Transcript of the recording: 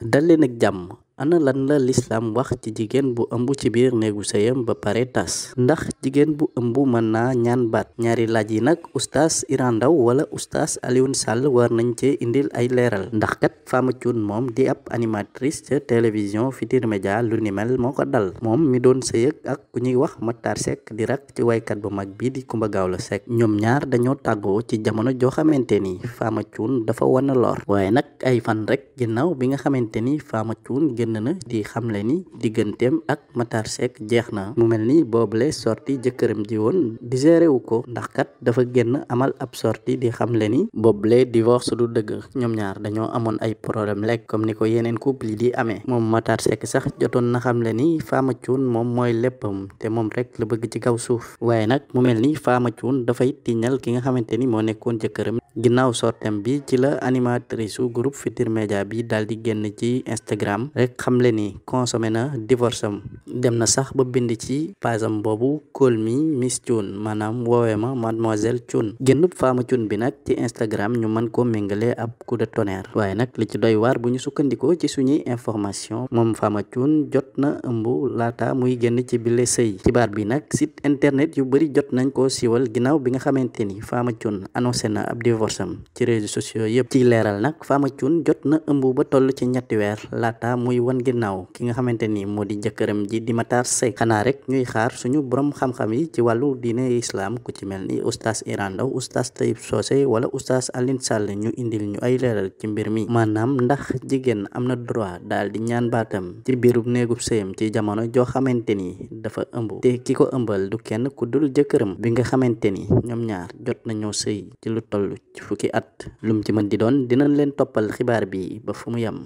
dal leen ak jàmm ana lan la lislaam wax ci jigéen bu ëmb ci biir néegu sëyam ba pare tas ndax jigéen bu ëmb mën naa ñaan baat ñaari laaj yi nag oustaz Iran Ndao wala oustaz Alioune Sall war nañ cee indil ay leeral ndax kat Fama Thioune moom di ab animatrice ca télévision Futurs Médias lu ni mel moo ko dal moom mi doon sëyëg ak ku ñuy wax Matar Seck di rak ci waykat bu mag bii di Coumba la Seck ñoom ñaar dañoo tàggoo ci jamono joo xamante ni Fama dafa wan génn na di xamle ni digganteem ak Matar Seck jeex na mu mel ni boobule sorti jëkkëram ji woon digéré wu ko ndax kat dafa génn amal ab sorti di xamle ni boobule divorce du dëgg ñoom ñaar dañoo amoon ay problème lekk comme ni ko yeneen couple yi di amee moom Matar Seck sax jotoon na xamle ni Fama Thioune moom mooy léppam te moom rek la bëgg ci kaw suuf waaye nag mu mel ni faama Thioune dafay tiñal ki nga xamante ni moo nekkoon jëkkëram ginnaaw sortem bi ci la animatrice su groupe Futurs Médias bi daal di génn ci Instagram xamle ni consommé na divorce am dem na sax ba bind ci paasam boobu call me Miss Thioune maanaam woowee ma mademoiselle Thioune génnub faama Thioune bi nag ci Instagram ñu man koo méngale ab coup de tonnerre waaye nag li ci doy waar bu ñu sukkandikoo ci suñuy information moom faama Thioune jot na ëmb laata muy génn ci bile sëy ci baat bi nag site internet yu bëri jot nañ koo siiwal ginnaaw bi nga xamante ni faama Thioune na ab divorce am ci réseaux yëpp ci leeral nag faama jot na ëmb ba toll ci ñetti weer laata muy wan ginnaaw ki nga xamante ni moo di jëkkëram ji bi di Matar Seck xanaa rek ñuy xaar suñu borom xam-xam yi ci wàllu diine islam ku ci mel ni oustaz Iran Ndaw oustaz Tayib Socé wala oustaz Aline Sall ñu indil ñu ay leeral ci mbir mi maanaam ndax jigéen am na droit daal di ñaan baatam ci biiru néegub sëyam ci jamono joo xamante ni dafa ëmb te ki ko ëmbal du kenn ku dul jëkkëram bi nga xamante ni ñoom ñaar jot nañoo sëy ci lu toll ci fukki at lum ci mën di doon dinañ leen toppal xibaar bi ba fu mu yam